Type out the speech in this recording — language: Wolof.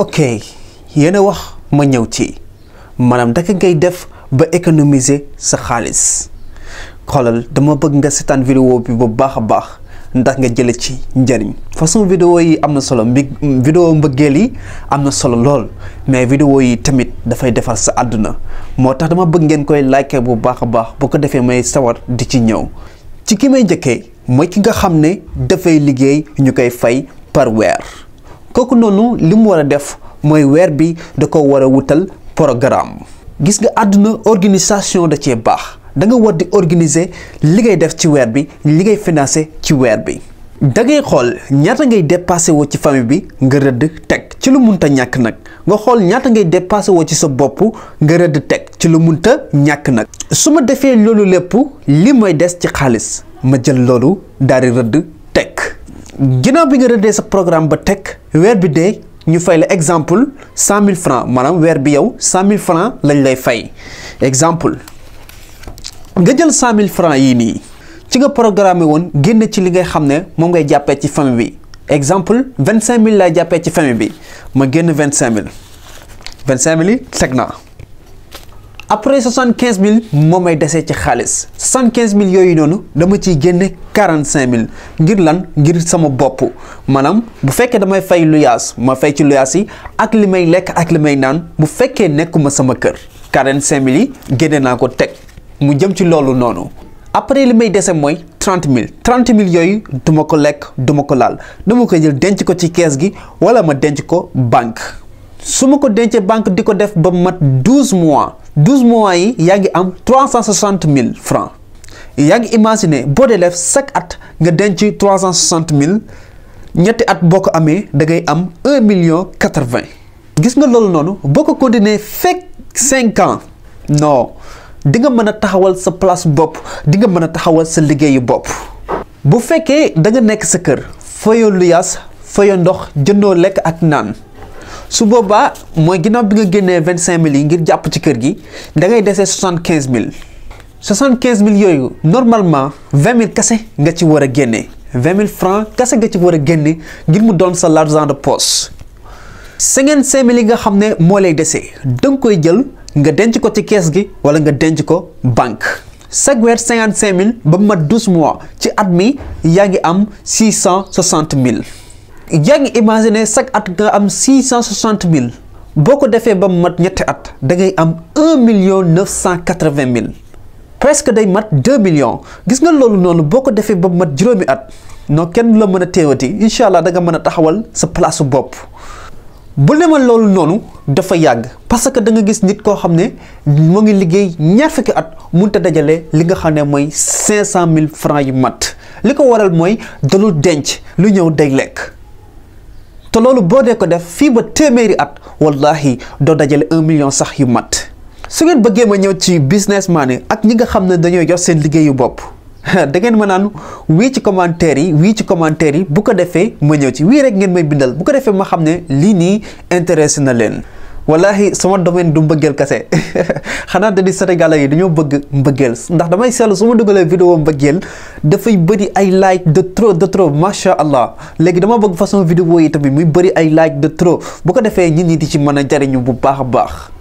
ok yéen a wax ma ñëw ci maanaam daka ngay def ba économiser sa xaalis xoolal dama bëgg nga seetaan vidéo bi bu baax a baax ndax nga jële ci njëriñ façon video yi am na solo mbi vidéo mbëggee yi am na solo lool mais vidéo yi tamit dafay defar sa àdduna moo tax dama bëgg ngeen koy like bu baax a baax boo ko defee may sawar di ci ñëw ci ki may njëkkee mooy ki nga xam ne dafay liggéey ñu koy fay par weer kooku noonu li mu war a def mooy weer bi da ko war a wutal programme gis nga àdduna organisation da cee baax da nga war di organiser li ngay def ci weer bi li ngay financé ci weer bi da ngay xool ñaata ngay dépassé woo ci famille bi nga rëdd teg ci lu munta ñàkk nag nga xool ñaata ngay dépassé woo ci sa bopp nga rëdd teg ci lu munta ñàkk nag su ma defee loolu lépp li mooy des ci xaalis ma jël loolu daal rëdd ginnaaw bi nga rëddee sa programme ba teg weer bi de ñu fay la exemple cent mille francs maanaam weer bi yow cent mille francs lañ lay fay exemple nga jël cent mille francs yii nii ci nga programme woon génn ci li ngay xam ne moom ngay jàppee ci famille bi exemple vingt cinq mille laay jàppee ci famille bi ma génn vingt cinq mille vingt cinq mille yi teg naa après 75000 moo may desee ci xaalis 75000 yooyu noonu dama ciy génne 45000 ngir lan ngir sama bopp maanaam bu fekkee damay fay luyaas ma fay ci luyaas yi ak li may lekk ak li may naan bu fekkee nekkuma sama kër 45000 yi génne naa ko teg mu jëm ci loolu noonu après li may dese mooy 30000 30000 yooyu duma ko lekk duma ko laal dama ko jël denc ko ci kees gi wala ma denc ko banque su ma ko dencee banque di ko def ba mat 12 mois. 12 mois yi yaa ngi am mille francs yaa ngi imaginer boo dee def chaque at nga denc mille ñetti at boo ko amee da ngay am 1 million 80 gis nga loolu noonu boo ko continuer fekk 5 ans non di nga mën a taxawal sa place bopp di nga mën a taxawal sa liggéeyu bopp. bu fekkee da nga nekk sa kër fayoo luyaas fayoo ndox jëndoo lekk ak naan. su boba moy ginnaw bi nga génnee 25000 yi ngir japp ci kër gi da ngay déssé 75000 75000 yoyu normalement 20000 mille nga ci wara a 20000 francs kase nga ci wara a ngir mu don sa l'argent de poche cinquante cinq mille nga xamné mo lay déssé dang koy jël nga denc ko ci caisse gi wala nga denc ko banque chaque weer 55000 ba mat 12 mois ci at mi yaa am 660000 yaa ngi imaginer chaque at nga am six cent soixante mille boo ko defee ba mu mat ñetti at da ngay am un million neuf cent quatre-vingt mille presque day mat deux millions gis nga loolu noonu boo ko defee ba mu mat juróomi at non kenn la mën a teewati incha allah danga mën a taxawal sa place bopp. bu ne loolu noonu dafa yàgg parce que da nga gis nit koo xam ne moo ngi liggéey ñaar fukki at mënut a dajale li nga xam ne mooy cinq cent mille francs yu mat li ko waral mooy dalul denc lu ñëw day lekk. te loolu boo dee ko def fii ba téeméeri at wallahi doo dajale un million sax yu mat su ngeen bëggee ma ñëw ci businessman yi ak ñi nga xam ne dañoo yor seen liggéeyu bopp da ngeen ma naan wii ci commentaire yi wii ci commentaire yi bu ko defee ma ñëw ci wii rek ngeen may bindal bu ko defee ma xam ne lii nii intéressé na leen wallahi sama domaine du mbëggeel kese xanaa da di sénégalais yi dañoo bëgg mbëggeel ndax damay seetlu su ma dugalee vidéo mbëggeel dafay bëri ay like de trop de trop macha allah léegi dama bëgg façon vidéo yi tamit muy bëri ay like de trop bu ko defee nit ñi di ci mën a jariñu bu baax a baax